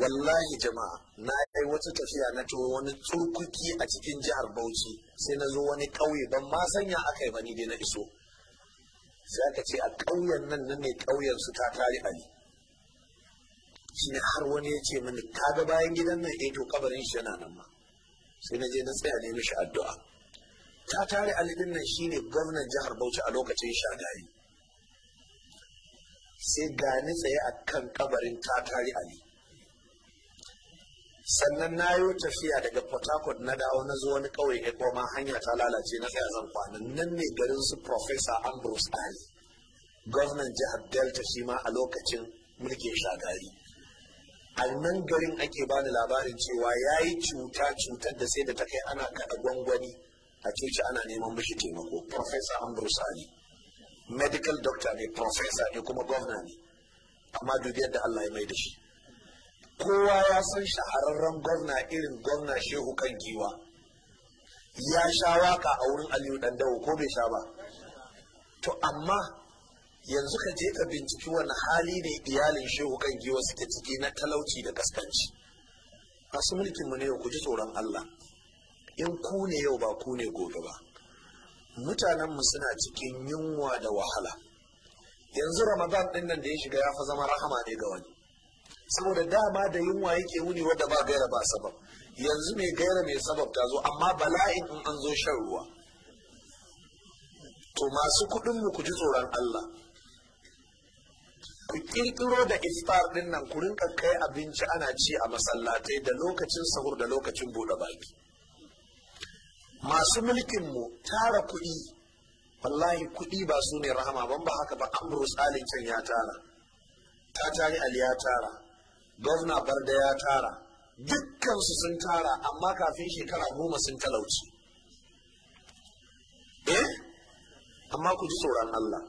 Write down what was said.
wallahi jama'a na yi wata tafiya na to wani tsurkuki a cikin jihar bauchi sai na zo wani ƙauye ban ma sanya aka yi bani dai na iso sai aka ce a ƙauyen nan na ne ƙauyen su ta tare ali shi ne har wani ya ce mini kaga bayan gidan nan eh to kabarin shi yana nan ma sai na je na tsaya ne mishi addu'a ta tare a din nan shine gwamnan jihar bauchi a lokacin shagari sai gani tsaye a kan kabarin ta tare ali sannan na yi tafiya daga port na dawo na zuwa wani kawai ya koma hanya ta lalace na tsaya zan kwana nan ne garin su professor ambrose ali gwamnan jihar delta shi ma a lokacin mulkin shagari a nan garin ake bani labarin cewa ya yi cuta cutar da sai da ta kai ana kaɗa gwangwani a coci ana neman mishi taimako professor ambrose ali medical doctor ne professor ne kuma gwamna ne amma dubiyar da allah ya mai da shi kowa ya san shahararren gwamna irin gwamna shehu kan giwa ya sha waka a wurin aliyu dan dawo ko bai sha ba to amma yanzu ka je ka binciki wani hali ne iyalin shehu kan giwa suke ciki na talauci da kaskanci masu mulkin mu ne ku ji tsoron Allah in ku ne yau ba ku ne gobe ba mutanen mu suna cikin yunwa da wahala yanzu ramadan din nan da ya shiga ya fa zama rahama ne ga wani saboda dama da yunwa yake wuni wadda ba gaira ba sabab yanzu mai gaira mai sabab ta zo amma bala'in in an zo shan ruwa to masu kuɗin mu ku ji tsoron Allah ku kirkiro da iftar din nan ku rinka kai abinci ana ci a masallatai da lokacin sahur da lokacin bude baki masu mulkin mu tara kuɗi wallahi kuɗi ba su ne rahama ban ba haka ba amru alin ya tara ta tare ali ya tara gwamna barda ya tara dukkansu sun tara amma kafin shekara goma sun talauci eh amma ku ji tsoron Allah